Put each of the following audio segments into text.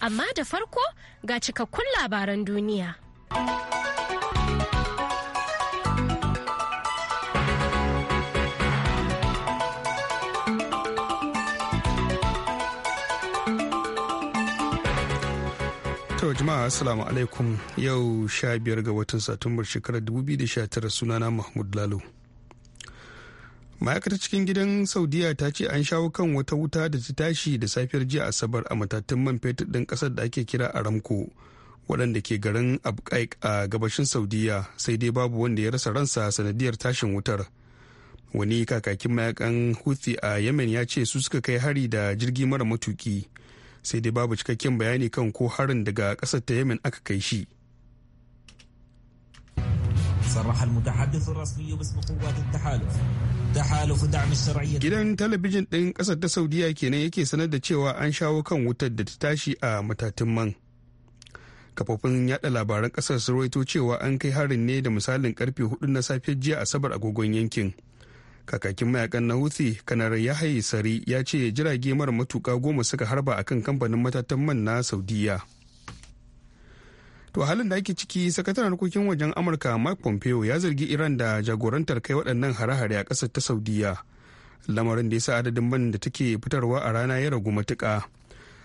amma da farko ga cikakkun labaran duniya. To jama'a assalamu alaikum yau sha biyar ga watan satumbar shekarar 2019 sunana Mahmud Lalo. ma'aikatar cikin gidan saudiya ta ce an shawo kan wata wuta da ta tashi da safiyar jiya asabar a matattun man fetur din ƙasar da ake kira aramco waɗanda ke garin abqaiq a gabashin saudiya sai dai babu wanda ya rasa ransa sanadiyar tashin wutar wani kakakin mayakan houthi a yemen ya ce su suka kai hari da jirgi mara matuki sai dai babu cikakken bayani kan ko harin daga ƙasar ta yemen aka kai shi صرح المتحدث الرسمي باسم قوات التحالف Gidan talabijin ɗin ƙasar ta Saudiya kenan yake sanar da cewa an shawo kan wutar da ta tashi a matatun man. Kafofin yada labaran ƙasar su rawaito cewa an kai harin ne da misalin karfe hudu na safe jiya Asabar agogon yankin. Kakakin mayakan na Houthi, kanar Yahaya Sari ya ce jirage mara matuka goma suka harba akan kamfanin matatan man na Saudiya. to halin da ake ciki sakataren harkokin wajen amurka mark pompeo ya zargi iran da jagorantar kai waɗannan hare-hare a ƙasar ta saudiya lamarin da ya sa adadin man da take fitarwa a rana ya ragu matuka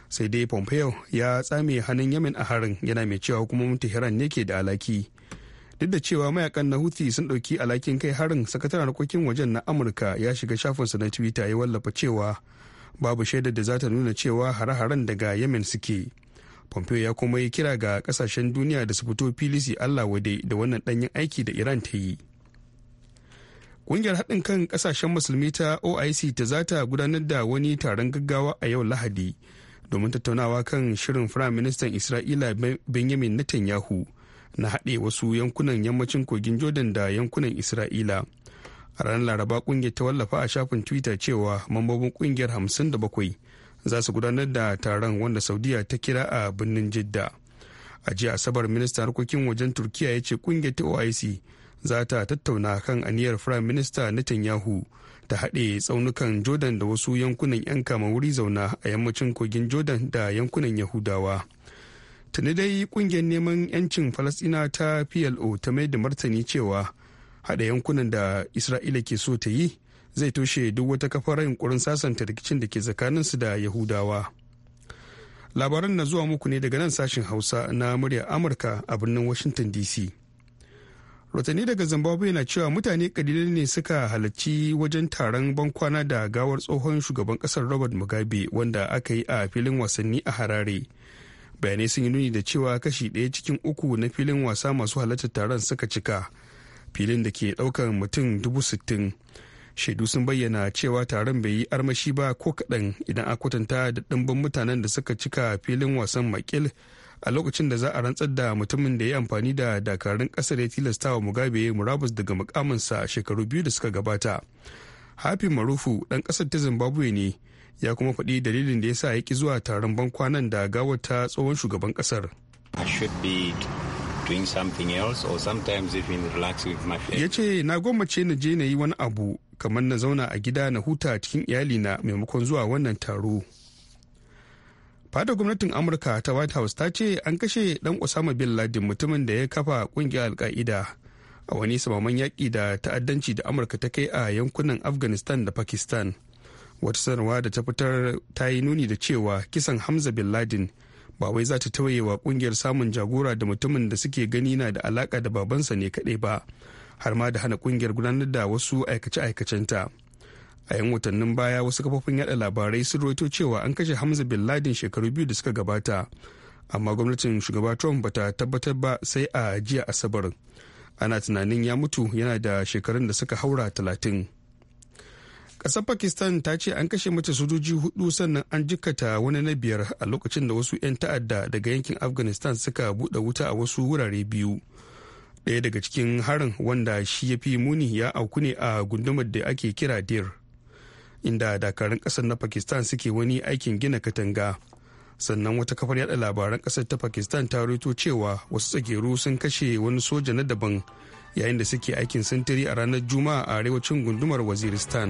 sai dai pompeo ya tsame hannun yamin a harin yana mai cewa hukumomin tehran ne ke da alaki duk da cewa mayakan na houthi sun ɗauki alakin kai harin sakataren harkokin wajen na amurka ya shiga shafinsa na twitter ya wallafa cewa babu shaidar da za ta nuna cewa hare-haren daga yemen suke pompeo ya kuma yi kira ga kasashen duniya da su fito fili su allah wade da wannan danyen aiki da iran ta yi kungiyar haɗin kan kasashen musulmi ta oic ta zata gudanar da wani taron gaggawa a yau lahadi domin tattaunawa kan shirin firaministan isra'ila benjamin netanyahu na haɗe wasu yankunan yammacin kogin jordan da yankunan isra'ila a ranar laraba kungiyar ta wallafa a shafin twitter cewa mambobin kungiyar bakwai. za su gudanar da taron wanda saudiya ta kira a birnin jidda a jiya asabar ministan harkokin wajen turkiya ya ce kungiyar ta oic za ta tattauna kan aniyar prime minister netanyahu ta haɗe tsaunukan jordan da wasu yankunan 'yan kama wuri zauna a yammacin kogin jordan da yankunan yahudawa tuni dai kungiyar neman 'yancin falasina ta plo ta mai da martani cewa haɗa yankunan da isra'ila ke so ta yi zai toshe duk wata kafar yunkurin sasanta rikicin da ke su da yahudawa labaran na zuwa muku ne daga nan sashen hausa na murya amurka a birnin washington dc rotani daga zimbabwe na cewa mutane kalilan ne suka halarci wajen taron bankwana da gawar tsohon shugaban kasar robert mugabe wanda aka yi a filin wasanni a harare bayanai sun yi nuni da cewa kashi ɗaya cikin uku na filin wasa masu halartar taron suka cika filin da ke ɗaukar mutum dubu sittin shaidu sun bayyana cewa taron bai yi armashi ba ko kaɗan idan a kwatanta da ɗimbin mutanen da suka cika filin wasan makil a lokacin da za a rantsar da mutumin da ya amfani da dakarun ƙasar ya tilasta wa mugabe murabus daga mukaminsa shekaru biyu da suka gabata hafi marufu ɗan ƙasar ta zimbabwe ne ya kuma faɗi dalilin da ya sa ya ki zuwa taron bankwanan da gawar ta tsohon shugaban ƙasar doing something else or sometimes even relax with my family. Yace na gwammace na je na yi wani abu kamar na zauna a gida na huta cikin iyali na maimakon zuwa wannan taro. fadar gwamnatin amurka ta white house ta ce an kashe dan osama bin laden mutumin da ya kafa kungiyar alka'ida a wani samaman yaƙi da ta'addanci da amurka ta kai a yankunan afghanistan da pakistan wata sanarwa da ta fitar ta yi nuni da cewa kisan hamza bin laden ba wai za ta tauye wa kungiyar samun jagora da mutumin da suke gani na da alaka da babansa ne kaɗai ba har ma da hana kungiyar gudanar da wasu aikace-aikacenta a yan watannin baya wasu kafofin yada labarai sun rawaito cewa an kashe hamza bin ladin shekaru biyu da suka gabata amma gwamnatin shugaba trump ta tabbatar ba sai a jiya asabar ana tunanin ya mutu yana da shekarun da suka haura talatin. ƙasar pakistan ta ce an kashe mata sojoji hudu sannan an jikata wani na biyar a lokacin da wasu 'yan ta'adda daga yankin afghanistan suka buɗe wuta a wasu wurare biyu ɗaya daga cikin harin wanda shi ya fi muni ya auku ne a gundumar da ake kira dir inda dakarun ƙasar na pakistan suke wani aikin gina katanga sannan wata kafar yada labaran ƙasar ta pakistan ta rito cewa wasu tsageru sun kashe wani soja na daban yayin da suke aikin sintiri a ranar juma'a a arewacin gundumar waziristan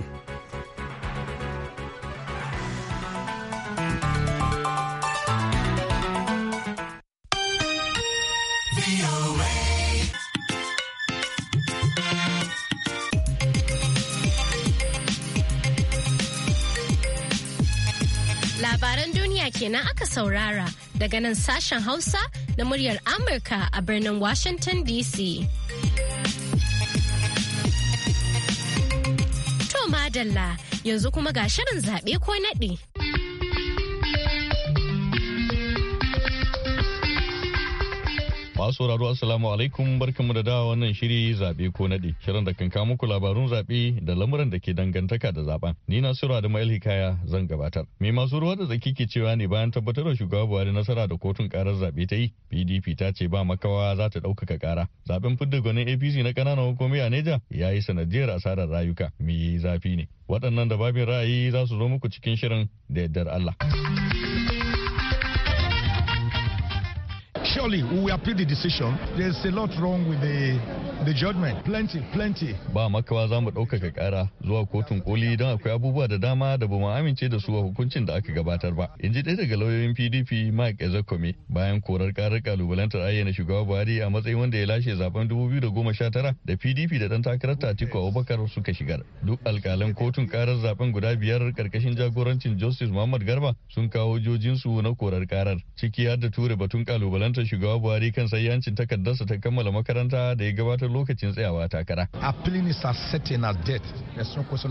labaran duniya kenan aka saurara daga nan sashen hausa na muryar amurka a birnin washington dc madalla yanzu kuma ga shirin zaɓe ko naɗi. Masu sauraro Assalamu alaikum barkanmu da dawa wannan shiri zabe ko nade. Shirin da kan kawo muku labarun zabe da lamuran da ke dangantaka da zaben. Ni na Sura da Mail Hikaya zan gabatar. me masu ruwa da tsaki ke cewa ne bayan tabbatar da shugaba Buhari nasara da kotun karar zabe ta yi. PDP ta ce ba makawa za ta ɗaukaka kara. Zaben fidda gwanin APC na ƙananan hukumi a Neja ya yi sanadiyar asarar rayuka. Me zafi ne. Waɗannan da babin ra'ayi za su zo muku cikin shirin da yardar Allah. Surely we will appeal the decision. is a lot wrong with the the judgment. Plenty, plenty. Ba makawa za mu ɗaukaka ƙara zuwa kotun koli don akwai abubuwa da dama da ba mu amince da su a hukuncin da aka gabatar ba. inji ji ɗaya daga lauyoyin PDP Mike Ezekome bayan korar ƙarar kalubalantar ayyana shugaba Buhari a matsayin wanda ya lashe zaben 2019 da PDP da ɗan takarar Atiku Abubakar suka shigar. Duk alƙalan kotun ƙarar zaben guda biyar karkashin jagorancin Justice Muhammad Garba sun kawo jojinsu na korar ƙarar ciki har da ture batun kalubalantar shugaba Buhari kan sayyancin takardarsa ta kammala makaranta da ya gabatar lokacin tsayawa takara. Appealing is as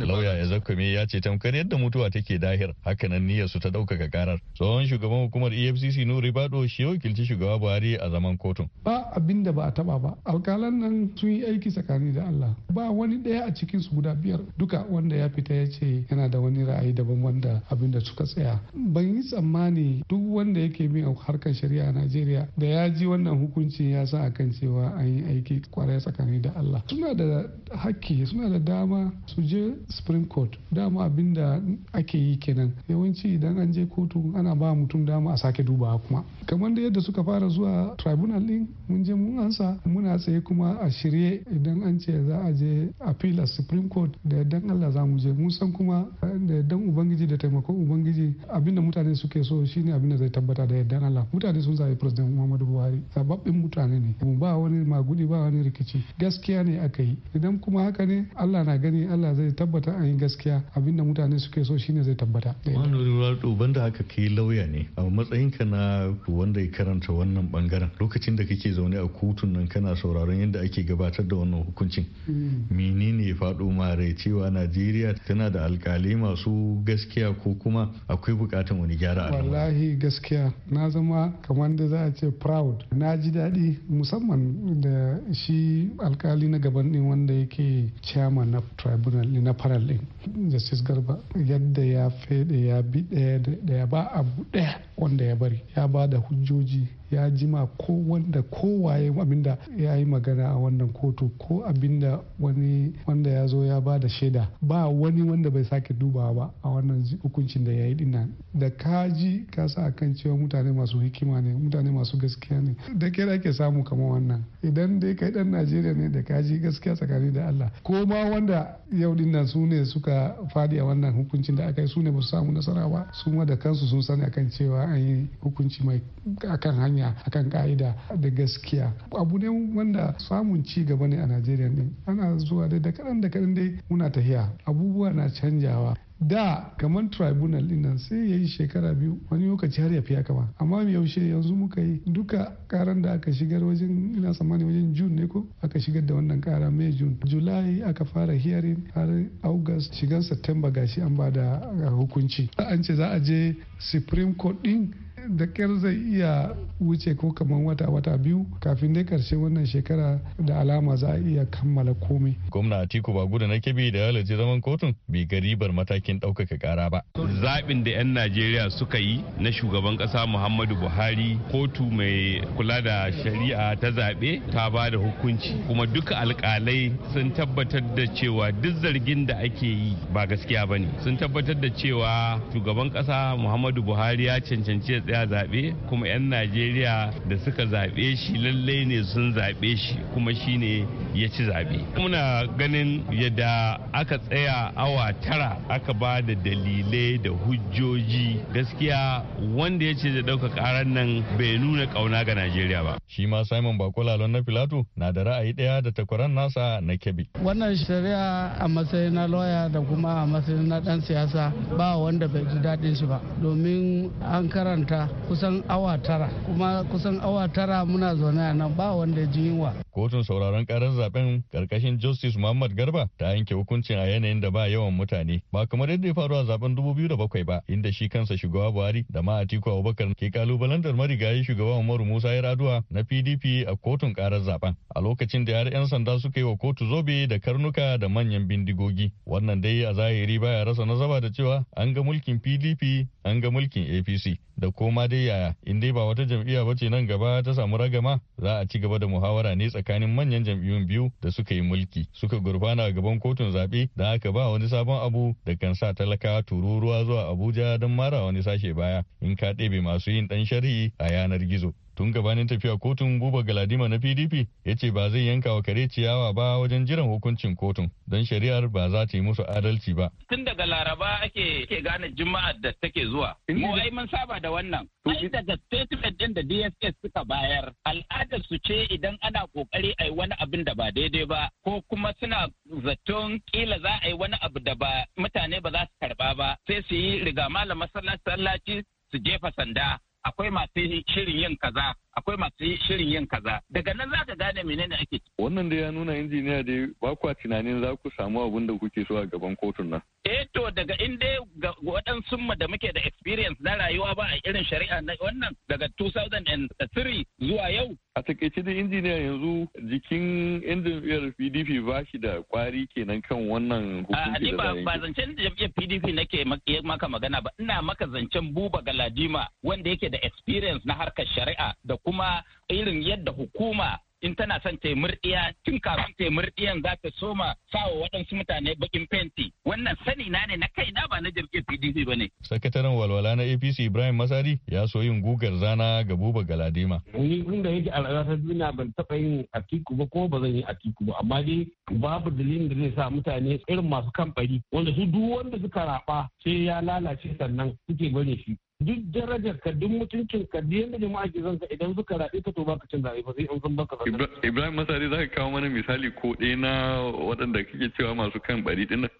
Lauya ya zakkame ya ce tamkar yadda mutuwa take dahir hakanan niyyar su ta ɗaukaka karar. Tsohon shugaban hukumar EFCC Nuri Bado shi ya wakilci shugaba Buhari a zaman kotun. Ba abin da ba a taba ba. Alkalan nan sun yi aiki tsakani da Allah. Ba wani daya a cikin su guda biyar duka wanda ya fita ya ce yana da wani ra'ayi daban wanda abin da suka tsaya. Ban yi tsammani duk wanda yake min harkar shari'a a Najeriya da ya ji wannan hukuncin ya sa akan cewa an yi aiki kwarai tsakani da Allah suna da hakki suna da dama su je Supreme Court dama abinda da ake yi kenan yawanci idan an je kotu ana ba mutum dama a sake dubawa kuma kamar da yadda suka fara zuwa tribunal din mun je mun ansa muna tsaye kuma a shirye idan an ce za a je appeal a Supreme Court da yardan Allah za mu je mun san kuma da yardan ubangiji da taimakon ubangiji abinda mutane suke so shine abinda zai tabbata da yardan Allah mutane sun zaɓi president muhammadu buhari sababbin mutane ne mu ba wani magudi ba wani rikici gaskiya ne aka yi idan kuma haka ne allah na gani allah zai tabbata an yi gaskiya abinda mutane suke so shine zai tabbata wani da haka kai lauya ne a ka na wanda ya karanta wannan bangaren lokacin da kake zaune a kotun nan kana sauraron yadda ake gabatar da wannan hukuncin hmm. menene ya faɗo ma rai cewa najeriya tana da alkalai masu gaskiya ko kuma akwai bukatan wani gyara a wallahi gaskiya na zama kamar da za a ce proud na ji daɗi musamman da shi alkali na gaban ɗin wanda yake chairman na tribunal na faral ɗin justice garba yadda ya fede ya bi ɗaya da ɗaya ba abu ɗaya wanda ya bari ya ba da hujjoji ya jima ko wanda kowaye abinda ya yi magana a wannan kotu ko abinda wani wanda ya zo ya ba da shaida ba wani wanda bai sake dubawa ba a wannan hukuncin da ya yi dinnan da kaji ka sa akan cewa mutane masu hikima ne mutane masu gaskiya ne da kira ake samu kamar wannan idan dai kai dan najeriya ne da kaji gaskiya tsakani da allah ko ma wanda yau dinnan su ne suka fadi a wannan hukuncin da aka yi su ne ba su samu nasara ba su ma da kansu sun sani akan cewa an yi hukunci mai akan hanya hanya akan ka'ida da gaskiya abu ne wanda samun ci gaba ne a najeriya ne ana zuwa dai da kaɗan da kaɗan dai muna tahiya abubuwa na canjawa da kamar tribunal dinnan sai ya yi shekara biyu wani lokaci har ya fiya kama amma yaushe yanzu muka yi duka karan da aka shigar wajen ina tsammani wajen june ne ko aka shigar da wannan kara mai june july aka fara hearing har august shigan september gashi an ba da hukunci an ce za a je supreme court din da kyar zai iya wuce ko kamar wata-wata biyu kafin dai karshe wannan shekara da alama za a iya kammala komai. Gwamna Atiku ba gudu na kebe da halarci zaman kotun bai garibar matakin ɗaukaka ƙara ba. Zaɓin da 'yan Najeriya suka yi na shugaban ƙasa Muhammadu Buhari kotu mai kula da shari'a ta zaɓe ta ba da hukunci kuma duka alƙalai sun tabbatar da cewa duk zargin da ake yi ba gaskiya ba ne. Sun tabbatar da cewa shugaban ƙasa Muhammadu Buhari ya cancanci tsaya zaɓe kuma 'yan najeriya da suka zaɓe shi lallai ne sun zaɓe shi kuma shi ne ya ci zaɓe muna ganin yadda aka tsaya awa tara aka ba da dalilai da hujjoji gaskiya wanda ya ce da ɗauka ƙarar nan bai nuna ƙauna ga najeriya ba shi ma simon bakolalon na filato na da ra'ayi ɗaya da takwaran nasa na kebi wannan shari'a a matsayin na loya da kuma a matsayin na ɗan siyasa ba wanda bai ji daɗin shi ba domin an karanta kusan awa tara kuma kusan awa tara muna zaune a nan ba wanda ji yunwa. Kotun sauraron karar zaben karkashin Justice Muhammad Garba ta yanke hukuncin a yanayin da ba yawan mutane ba kamar yadda ya faru a zaben bakwai ba inda shi kansa shugaba Buhari da ma Atiku Abubakar ke kalubalantar marigayi shugaba Umaru Musa Yar'adua na PDP a kotun karar zaben a lokacin da har 'yan sanda suka yi wa kotu zobe da karnuka da manyan bindigogi wannan dai a zahiri baya rasa nazaba da cewa an ga mulkin PDP an ga mulkin APC da kuma ma dai yaya in dai ba wata jam'iyya ba ce nan gaba ta samu ragama za a ci gaba da muhawara ne tsakanin manyan jam'iyyun biyu da suka yi mulki suka gurfana a gaban kotun zaɓe da haka ba wani sabon abu da kan sa talakawa tururuwa zuwa abuja don mara wani sashe baya in ka ɗebe masu yin ɗan shari'i a yanar gizo tun gabanin tafiya kotun buba galadima na pdp ya ce ba zai yanka wa kare ciyawa ba wajen jiran hukuncin kotun don shari'ar ba za ta yi musu adalci ba tun daga laraba ake ke gane juma'ar da take zuwa mu ai mun saba da wannan ai daga statement din da dss suka bayar al'adar su ce idan ana kokari a yi wani abin da ba daidai ba ko kuma suna zaton kila za a yi wani abu da ba mutane ba za su karba ba sai su yi riga malam masallaci su jefa sanda akwai masu shirin yin kaza akwai masu shirin yin kaza daga nan zaka gane menene ake wannan da ya nuna injiniya da ba kwa tunanin za ku samu abin da kuke so a gaban kotun nan eh to daga inda waɗansu mu da muke da experience na rayuwa ba a irin shari'a na wannan daga 2003 zuwa yau a takaice da injiniya yanzu jikin injin pdp ba shi da kwari kenan kan wannan hukunci da ba zancen jam'iyyar pdp nake maka magana ba ina maka zancen buba galadima wanda yake da experience na harkar shari'a da kuma irin yadda hukuma in tana son ta murɗiya tun kafin ta murɗiyan za ta soma sawa waɗansu mutane bakin fenti wannan sani na ne na kai na ba na jirgin pdc ba ne. sakataren walwala na apc ibrahim masari ya so yin gugar zana ga buba galadima. ni inda yake a ta duniya ban taɓa yin atiku ba ko ba zan yi atiku ba amma dai babu dalilin da zai sa mutane irin masu kamfani wanda su duk wanda suka raɓa sai ya lalace sannan suke bane shi duk darajar ka duk mutuncin ka duk yanda jama'a ke zanka idan suka raɗe ka to baka cin zaɓe ba sai an san baka zaɓe. Ibrahim Masari za ka kawo mana misali ko ɗaya na waɗanda kake cewa masu kan bari ɗin nan.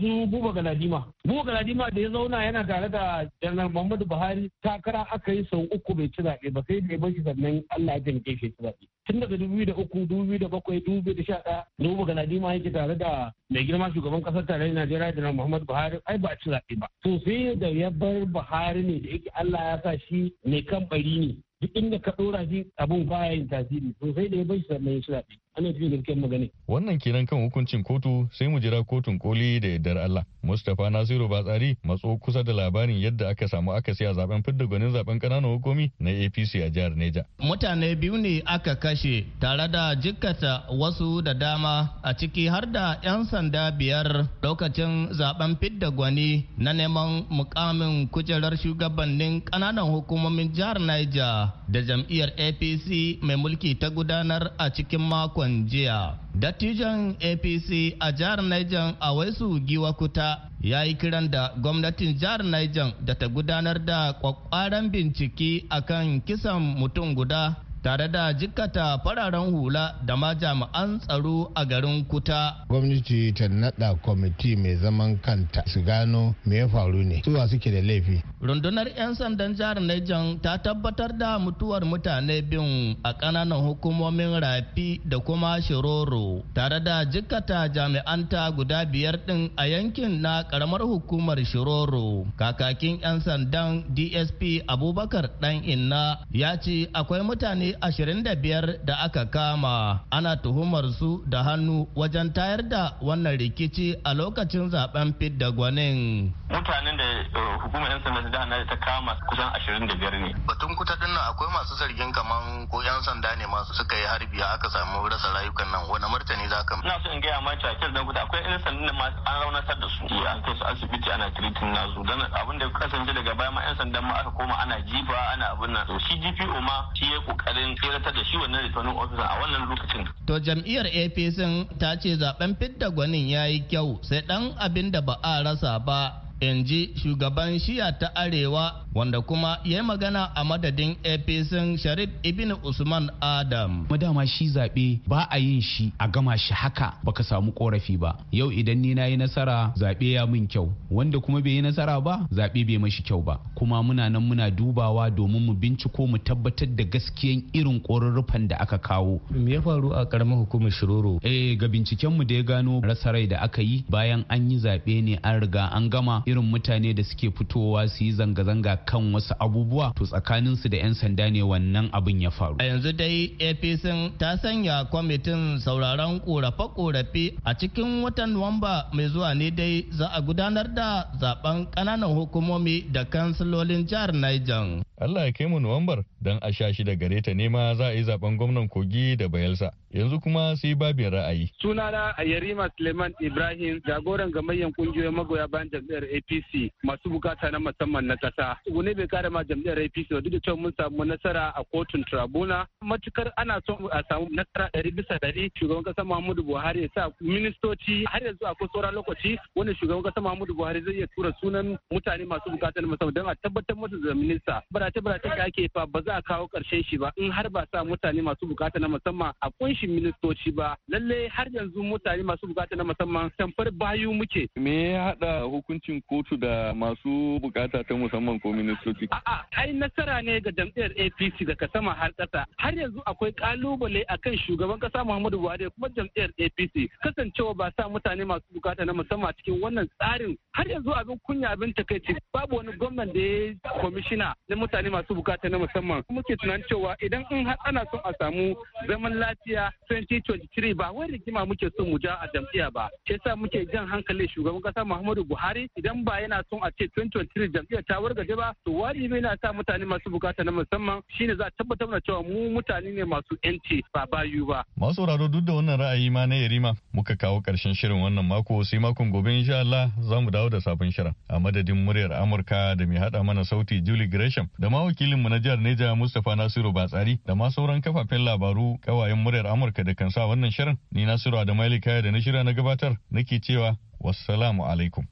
su Buba Galadima. Buba Galadima da ya zauna yana tare da Janar Muhammadu Buhari takara aka yi sau uku bai ci zaɓe ba sai da ya bashi sannan Allah ya janke shi ci zaɓe. tun daga 2003 2007 nuhu galadima yake tare da mai girma shugaban kasar tarayyar najeriya da na muhammadu buhari ai ba a ci zaɓe ba to sai da ya bar buhari ne da yake allah ya sa shi mai kan bari ne duk inda ka ɗora shi abun baya yin tasiri to sai da ya bar shi mai ci zaɓe ana gaskiyar magana. Wannan kenan kan hukuncin kotu sai mu jira kotun koli da yardar Allah. Mustapha Nasiru Batsari matso kusa da labarin yadda aka samu aka a zaben fidda gwanin zaben kananan hukumi na APC a jihar Neja. Mutane biyu ne aka kashe tare da jikkata wasu da dama a ciki har da 'yan sanda biyar lokacin zaben fidda gwani na neman mukamin kujerar shugabannin kananan hukumomin jihar Niger da jam'iyyar APC mai mulki ta gudanar a cikin mako makon jiya dattijan apc a jihar niger a waisu giwakuta ya yi kiran da gwamnatin jihar niger da ta gudanar da kwakwaran bincike akan kisan mutum guda tare da jikata fararen hula da ma jami'an tsaro a garin kuta. Gwamnati ta nada kwamiti mai zaman kanta su gano me ya faru ne suwa suke da laifi. Rundunar 'yan sandan jihar Niger ta tabbatar da mutuwar mutane bin a kananan hukumomin rafi da kuma shiroro tare da jikata jami'an ta guda biyar din a yankin na karamar hukumar shiroro. Kakakin 'yan sandan DSP Abubakar ɗan inna ya ce akwai mutane 25 da aka kama ana tuhumar su da hannu wajen tayar da wannan rikici a lokacin zaben fidda gwanin. Mutanen da eh, hukumar 'yan sanda da ta kama kusan 25 ne. Batun kuta dinnan akwai masu zargin kaman ko 'yan sanda ne masu suka yi harbi aka samu rasa rayukan nan wani martani za ka. Ina so in gaya ma cakir dan kuta akwai 'yan sanda da an raunatar da su an kai su asibiti ana tiritin nasu don abin da kasance daga baya ma 'yan sanda ma aka koma ana jifa ana abin nan. Shi GPO ma shi ya kokari kokarin tseratar da shi wannan returning officer a wannan lokacin. To jam'iyyar APC ta ce zaben fidda gwanin ya yi kyau sai dan abin da ba a rasa ba in ji shugaban shiya ta arewa wanda kuma ya yi magana a madadin apc sharif ibn usman adam madama shi zaɓe ba a yin shi a gama shi haka baka samu korafi ba yau idan ni na yi nasara zaɓe ya min kyau wanda kuma bai yi nasara ba zaɓe bai mashi kyau ba kuma muna nan muna dubawa domin mu binciko mu tabbatar da gaskiyan irin korurrufan da aka kawo me ya faru a karamar hukumar shiroro eh ga binciken mu da ya gano rasa rai da aka yi bayan an yi zaɓe ne an riga an gama irin mutane da suke fitowa su yi zanga-zanga kan wasu abubuwa to tsakaninsu da 'yan sanda ne wannan abin ya faru. A yanzu dai APC ta sanya kwamitin sauraron korafe-korafe a cikin watan Nuwamba mai zuwa ne dai za a gudanar da zaben ƙananan hukumomi da kansilolin jihar Niger. Allah ya kai mu Nuwambar don a sha shi da gare ta nema za a yi zaben gwamnan Kogi da Bayelsa. yanzu kuma sai babin ra'ayi. Sunana Yarima Suleiman Ibrahim jagoran gamayyar kungiyoyin magoya bayan jam'iyyar APC masu bukata na musamman na kasa. Wani bai kare ma jam'iyyar APC ba duk da cewa mun samu nasara a kotun Tribuna. Matukar ana son a samu nasara ɗari bisa ɗari shugaban kasa Muhammadu Buhari ya sa ministoci har yanzu akwai sauran lokaci wanda shugaban kasa Muhammadu Buhari zai iya tura sunan mutane masu bukata na musamman don a tabbatar musu da minista. Barace barace da ake fa ba za a kawo ƙarshen shi ba in har ba sa mutane masu bukata na musamman a kunshi rashin ministoci ba lalle har yanzu mutane masu bukata na musamman tamfar bayu muke me ya hada hukuncin kotu da masu bukata ta musamman ko ministoci a'a ai nasara ne ga jam'iyyar APC da daga sama har kasa har yanzu akwai kalubale akan shugaban kasa Muhammadu Buhari kuma jam'iyyar APC kasancewa ba sa mutane masu bukata na musamman cikin wannan tsarin har yanzu abin kunya abin takaici babu wani gwamnan da ya kwamishina na mutane masu bukata na musamman muke tunanin cewa idan in har ana son a samu zaman lafiya 2023 ba wai rigima muke son mu ja a jam'iyya ba shi yasa muke jan hankali shugaban kasa Muhammadu Buhari idan ba yana son a ce 2023 jam'iyyar ta wargaje ba to wajibi yana sa mutane masu bukata na musamman shine za a tabbatar da cewa mu mutane ne masu yanci ba bayu ba masu sauraro duk da wannan ra'ayi ma na Yarima muka kawo karshen shirin wannan mako sai makon gobe insha Allah za mu dawo da sabon shirin a madadin muryar Amurka da mai hada mana sauti Julie Gresham da ma wakilinmu na jihar Neja mustafa Nasiru Batsari da ma sauran kafafen labaru kawayen muryar Amurka Amurka da kan sa wannan shirin ni Nasiru adamali Kaya da na shirya na gabatar nake cewa wassalamu alaikum.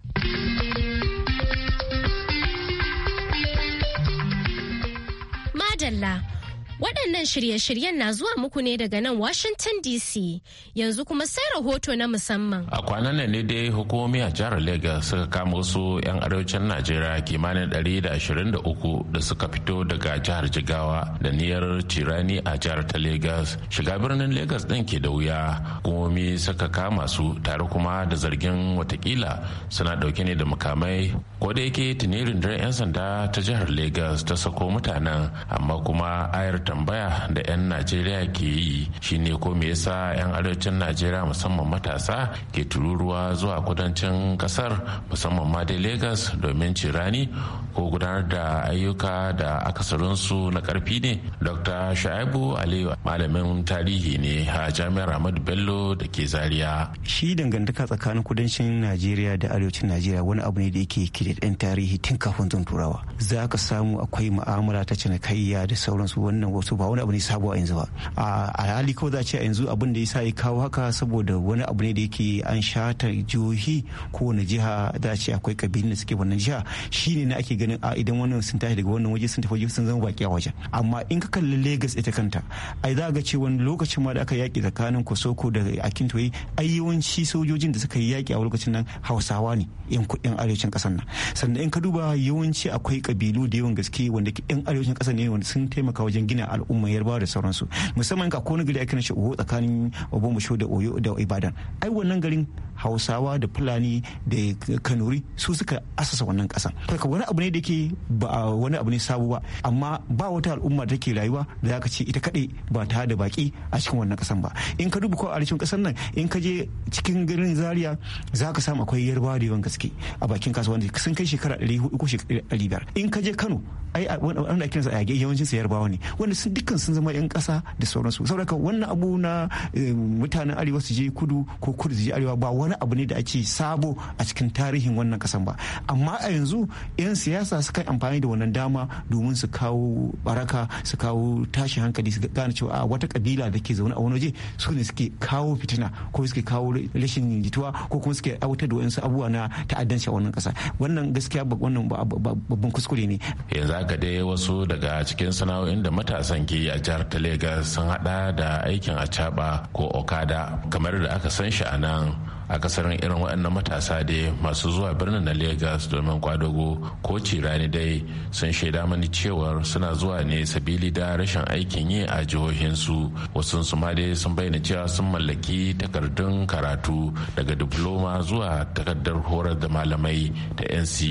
Madalla Waɗannan shirye-shiryen na zuwa muku ne daga nan Washington DC yanzu kuma sai rahoto na musamman. A kwanan nan ne dai hukumomi a jihar Lagos suka kama wasu 'yan arewacin Najeriya kimanin 123 da suka fito daga jihar Jigawa da niyyar Cirani a jihar ta Lagos. Shiga birnin Lagos ɗin ke da wuya hukumomi suka kama su tare kuma da zargin watakila suna ɗauke ne da mukamai. Ko da yake tuni 'yan sanda ta jihar Lagos ta sako mutanen amma kuma ayar tambaya da 'yan najeriya ke yi shine ko me yasa 'yan arewacin najeriya musamman matasa ke tururuwa zuwa kudancin kasar musamman ma dai lagos domin cirani ko gudanar da ayyuka da akasarinsu na karfi ne dr shaibu aliyu malamin tarihi ne a jami'ar ahmadu bello da ke zaria shi dangantaka tsakanin kudancin najeriya da arewacin najeriya wani abu ne da yake ɗan tarihi tun kafin zan turawa za ka samu akwai mu'amala ta cinikayya da sauransu wannan ba su ba wani abu ne sabuwa a yanzu ba a hali ko za a ce a yanzu abin da ya sa ya kawo haka saboda wani abu ne da yake an shata jihohi wani jiha za a ce akwai kabilun da suke wannan jiha shine na ake ganin a idan wannan sun tashi daga wannan waje sun tafi waje sun zama baki a wajen amma in ka kalli Lagos ita kanta ai za ga wani lokacin ma da aka yaki tsakanin Kosoko da Akintoyi ai yawanci sojojin da suka yi yaki a lokacin nan Hausawa ne yan kudin arewacin kasar nan sannan in ka duba yawanci akwai kabilu da yawan gaske wanda yan arewacin kasar ne wanda sun taimaka wajen gina al'umma yarba da sauransu musamman ka kone gari ake nashi shigo tsakanin obomusho da oyo da ibadan ai wannan garin hausawa da fulani da kanuri su suka asasa wannan kasa ka wani abu ne da ke ba wani abu ne sabuwa ba amma ba wata al'umma da take rayuwa da zaka ce ita kadai ba ta da baki a cikin wannan kasan ba in ka duba ko a cikin kasan nan in ka je cikin garin zaria zaka samu akwai yarba da yawan gaske a bakin wanda sun kai shekara 400 ko shekara 500 in ka je kano ai wanda ake kiransa a yawancin su yarbawa ne wanda sun dukkan sun zama 'yan ƙasa da sauransu saboda wannan abu na eh, mutanen arewa su je kudu ko kudu su je arewa ba wani abu ne da ake sabo a cikin tarihin wannan kasan ba amma a yanzu 'yan siyasa su suka amfani da wannan dama domin su kawo baraka su kawo tashin hankali su gane cewa a ah, wata kabila da ke zaune a wani waje su ne suke kawo fitina ko suke kawo rashin jituwa ko kuma suke auta da wa'insu abubuwa na ta'addanci a wannan kasa wannan gaskiya wannan babban kuskure ne yanzu haka dai wasu daga cikin sana'o'in da matasa matasan ke a jihar ta Legas sun hada da aikin caba ko okada kamar da aka san shi a nan a kasar irin waɗannan matasa dai masu zuwa birnin na lagos domin kwadago ko cirani dai sun shaida mani cewar suna zuwa ne sabili da rashin aikin yi a jihohinsu wasu su ma dai sun bayyana cewa sun mallaki takardun karatu daga diploma zuwa takardar horar da malamai ta nce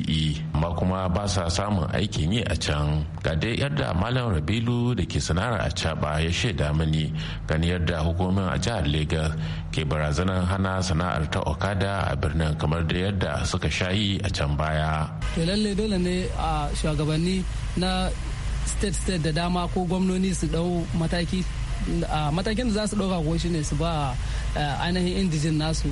amma kuma ba sa samun aikin yi a can ga dai yadda malam rabilu da ke sana'ar a caba ya shaida mani gani yadda hukumomin a jihar lagos ke barazanar hana sana'ar ta okada a birnin kamar da yadda suka shayi a can baya to lalle dole ne a shugabanni na state state da dama ko gwamnoni su dau mataki matakin da za su dauka ko shine su ba eh, ainihin indijin nasu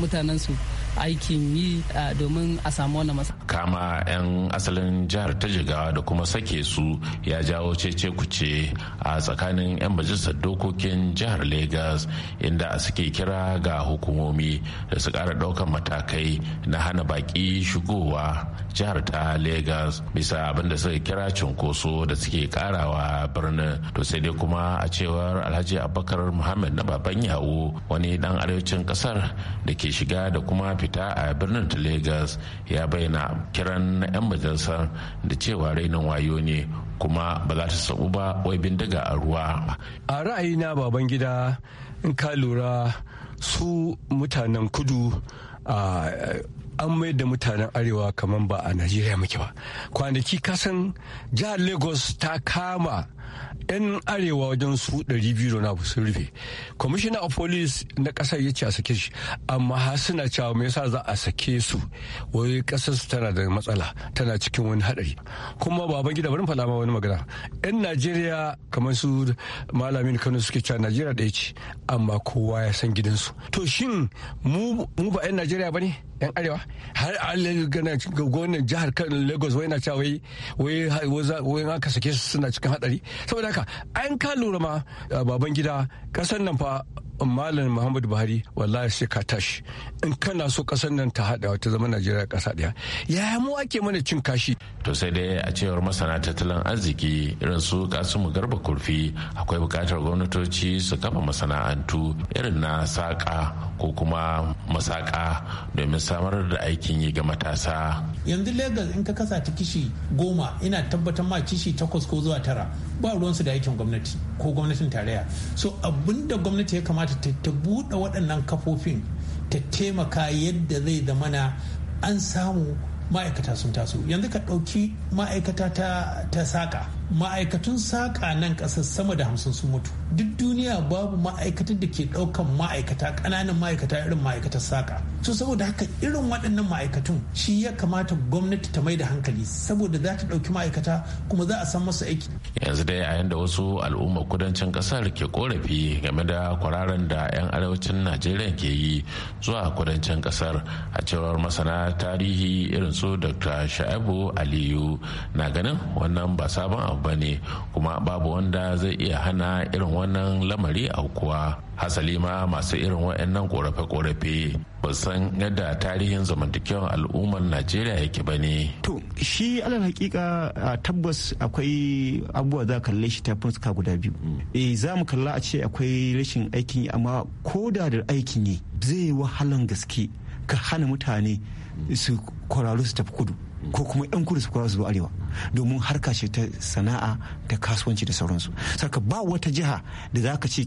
mutanensu aikin yi domin a samu wannan masa. kama 'yan asalin jihar ta jigawa da kuma sake su ya jawo cece kuce a tsakanin 'yan majalisar dokokin jihar Legas, inda suke kira ga hukumomi da su ƙara daukan matakai na hana baƙi shigowa jihar ta Legas bisa abin da suka kira cunkoso da suke karawa birnin to sai dai kuma a cewar Alhaji Abubakar Muhammad na baban yawo wani dan arewacin kasar da ke shiga da kuma fita a birnin ta Legas ya bayyana kiran na 'yan majalisar da cewa rainin wayo ne kuma ba za ta sabu ba wai bindiga a ruwa. A ra'ayina baban gida in ka lura su mutanen kudu a an mai da mutanen arewa kamar ba a najeriya muke ba kwanaki kasan jihar lagos ta kama 'yan arewa wajen su 200 na su rufe kwamishina a polis na kasar ya ce a sake shi amma har suna cewa me yasa za a sake su wai kasar su tana da matsala tana cikin wani hadari kuma baban gida barin fada ma wani magana 'yan najeriya kamar su malamin kano suke cewa najeriya da ce amma kowa ya san gidansu to shin mu ba 'yan najeriya ba ne 'yan arewa har gwamnan jihar kano lagos wai na cewa wai wai aka sake su suna cikin hadari saboda haka an ka lura ma eh, baban gida kasan nan fa malam muhammadu buhari wallahi sai ka tashi in kana so kasar nan ta hada ta zama najeriya kasa daya yaya mu ake mana cin kashi to sai dai a cewar masana tattalin arziki irin su kasu mu garba kurfi akwai bukatar gwamnatoci su kafa masana'antu irin na saka ko kuma masaka domin samar da aikin yi ga matasa yanzu legas in ka kasa ta kishi goma ina tabbatar ma kishi takwas ko zuwa tara ba ruwansu da aikin gwamnati ko gwamnatin tarayya so abinda gwamnati ya kamata ta buɗe waɗannan kafofin ta taimaka yadda zai zamana an samu ma'aikata sun taso yanzu ka ɗauki ma'aikata ta saƙa ma'aikatun saƙa nan ƙasar sama da hamsin sun mutu duk duniya babu ma'aikatar da ke ɗaukan ma'aikata kananan ma'aikata irin ma'aikatar saka so saboda haka irin waɗannan ma'aikatun shi ya kamata gwamnati ta mai da hankali saboda za ta ɗauki ma'aikata kuma za a san masu aiki yanzu dai a da wasu al'umma kudancin ƙasar ke korafi game da kwararan da 'yan arewacin najeriya ke yi zuwa kudancin ƙasar a cewar masana tarihi irin su dr shaibu aliyu na ganin wannan ba sabon abu ba ne kuma babu wanda zai iya hana irin wannan lamari a kuwa hasali ma masu irin waɗannan korafe-korafe ba san yadda tarihin zamantakewar al'ummar najeriya yake ba ne to shi alal hakika tabbas akwai abubuwa za ka shi ta fuska guda biyu mm. eh za mu kalla a ce akwai rashin aikin yi amma ko da da aikin yi zai wahalan gaske ka hana mutane su kwararru su tafi kudu mm. ko kuma yan kudu su kwararru su arewa domin harka ce ta sana'a da kasuwanci da sauransu sarka ba wata jiha da zaka ce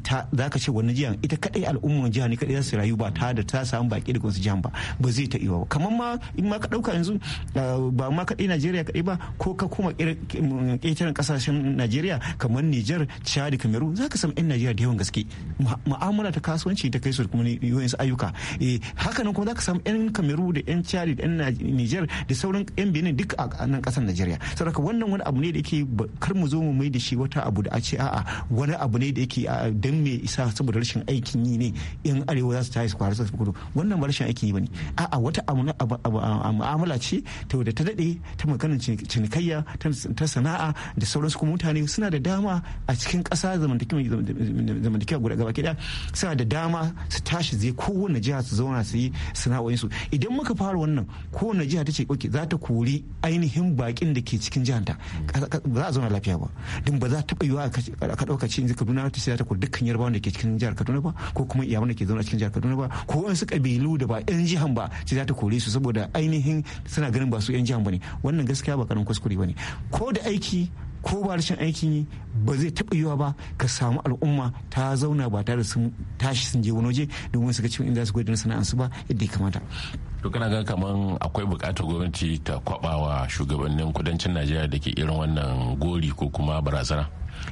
ce wani jiha ita kadai al'umman jiha ne kadai za su rayu ba ta da ta samu baki da kunsu jihan ba ba zai ta iya ba kamar ma in ma ka dauka yanzu ba ma kadai Najeriya kadai ba ko ka kuma ƙetaren kasashen Najeriya kamar Niger Chad Cameroon zaka samu 'yan Najeriya da yawan gaske mu'amala ta kasuwanci ta kai su kuma yoyin ayyuka eh, hakanan kuma zaka samu 'yan Cameroon da 'yan Chad da 'yan Niger da sauran 'yan Benin duk a nan kasar Najeriya saboda wannan wani abu ne da yake kar mu zo mu mai da shi wata abu da a ce a'a wani abu ne da yake dan me isa saboda rashin aikin yi ne in arewa za su tashi su kwara su wannan ba rashin aikin yi bane a'a wata abu na mu'amala ce ta da ta dade ta magana cinikayya ta sana'a da sauransu kuma mutane suna da dama a cikin kasa zamantakewa guda gaba kida suna da dama su tashi zai kowane jiha su zauna su yi sana'o'insu idan muka fara wannan kowane jiha ta ce ok za ta kori ainihin bakin da ke cikin jihanta ba za a zauna lafiya ba din ba za a taɓa yiwa a ɗauka cikin kaduna ta sai ta kula dukkan yarba da ke cikin jihar kaduna ba ko kuma iyawa da ke zauna cikin jihar kaduna ba ko wasu kabilu da ba yan jihan ba sai za ta kore su saboda ainihin suna ganin ba su yan jihan ba ne wannan gaskiya ba karin kuskure ba ne ko da aiki ko ba rashin aikin yi ba zai taɓa yiwa ba ka samu al'umma ta zauna ba tare da sun tashi sun je wani waje domin su ga cikin inda su gwada na sana'ansu ba yadda ya kamata. to kana ga kaman akwai bukatar gwamnati ta kwabawa shugabannin kudancin najeriya da ke irin wannan gori ko kuma barazana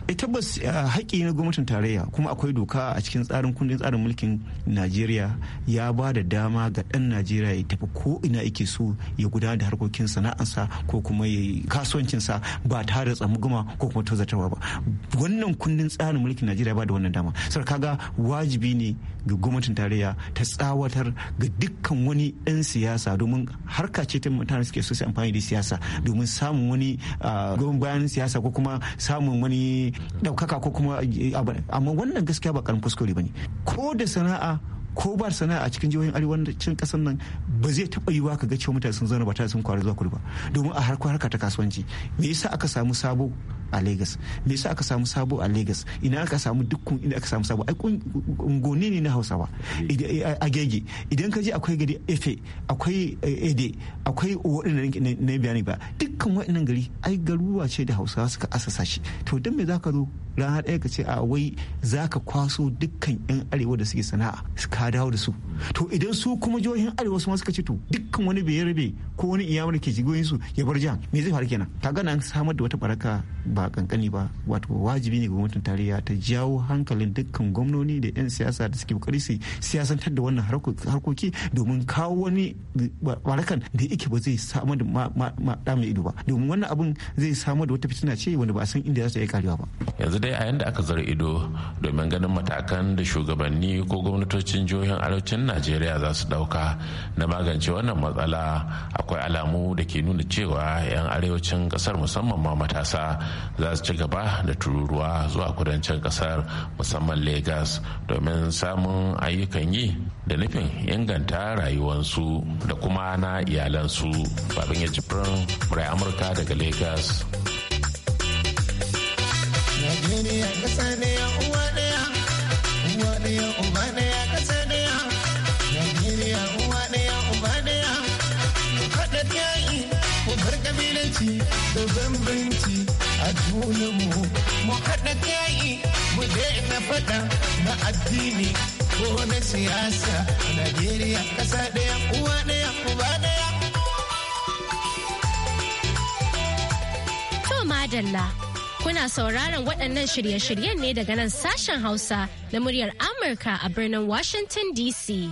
Eh, tabbas eh, haƙƙi na gwamnatin tarayya kuma akwai doka a cikin tsarin kundin tsarin mulkin najeriya ya ba da dama ga ɗan najeriya ya tafi ko ina yake so ya gudanar da harkokin sana'arsa ko kuma ya kasuwancinsa ba tare da tsamuguma ko kuma tozartarwa ba wannan kundin tsarin mulkin najeriya ba da wannan dama sar kaga wajibi ne ga gwamnatin tarayya ta tsawatar ga dukkan wani ɗan siyasa domin harka ce ta mutane suke so su amfani da siyasa domin samun wani ah, goyon bayan siyasa ko kuma samun wani wani ɗaukaka ko kuma amma wannan gaskiya ba karin fuskori ba ne ko da sana'a ko ba sana'a a cikin jihohin arewacin kasar nan ba zai taɓa yiwa ka ga cewa mutane sun zauna ba tare sun kwari zuwa kudu ba domin a harkar harka ta kasuwanci me yasa aka samu sabo a Lagos me yasa aka samu sabo a Lagos ina aka samu dukkan ina aka samu sabo ai ungoni ne na Hausawa a gege idan ka je akwai gari Efe akwai eh, Ede akwai waɗannan na bayani ba dukkan waɗannan gari ai garuwa ce da Hausawa suka asasa shi to dan me zaka zo ran ɗaya ka ce a wai zaka kwaso dukkan yan arewa da suke sana'a ka dawo da su to idan su kuma jihohin arewa su ma suka ce to dukkan wani bai rabe ko wani da ke jigoyin su ya bar jiha me zai faru kenan ta gana an samar da wata baraka ba kankani ba wato wajibi ne ga gwamnatin tarayya ta jawo hankalin dukkan gwamnoni da yan siyasa da suke kokari su siyasantar da wannan harkoki domin kawo wani barakan da yake ba zai samar da da mai ido ba domin wannan abin zai samar da wata fitina ce wanda ba a san inda za su iya karewa ba yanzu dai a yanda aka zara ido domin ganin matakan da shugabanni ko gwamnatocin jihohin arewacin najeriya za su dauka na magance wannan matsala akwai alamu da ke nuna cewa 'yan arewacin kasar musamman ma matasa za su ci gaba da tururuwa zuwa kudancin kasar musamman lagos domin samun ayyukan yi da nufin inganta rayuwansu da kuma na iyalansu babin ya jifirin murai amurka daga lagos yeah, bambanci da bambanci a junanmu mu haɗa kai mu daina faɗa na addini ko na siyasa Najeriya ƙasa ɗaya uwa ɗaya uba ɗaya. To madalla kuna sauraron waɗannan shirye-shiryen ne daga nan sashen Hausa na muryar Amurka a birnin Washington DC.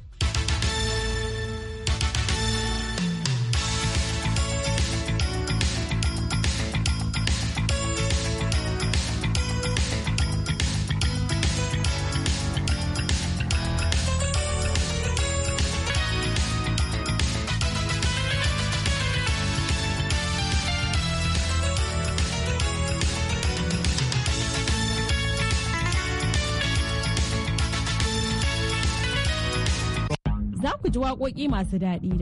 waƙoƙi masu daɗi da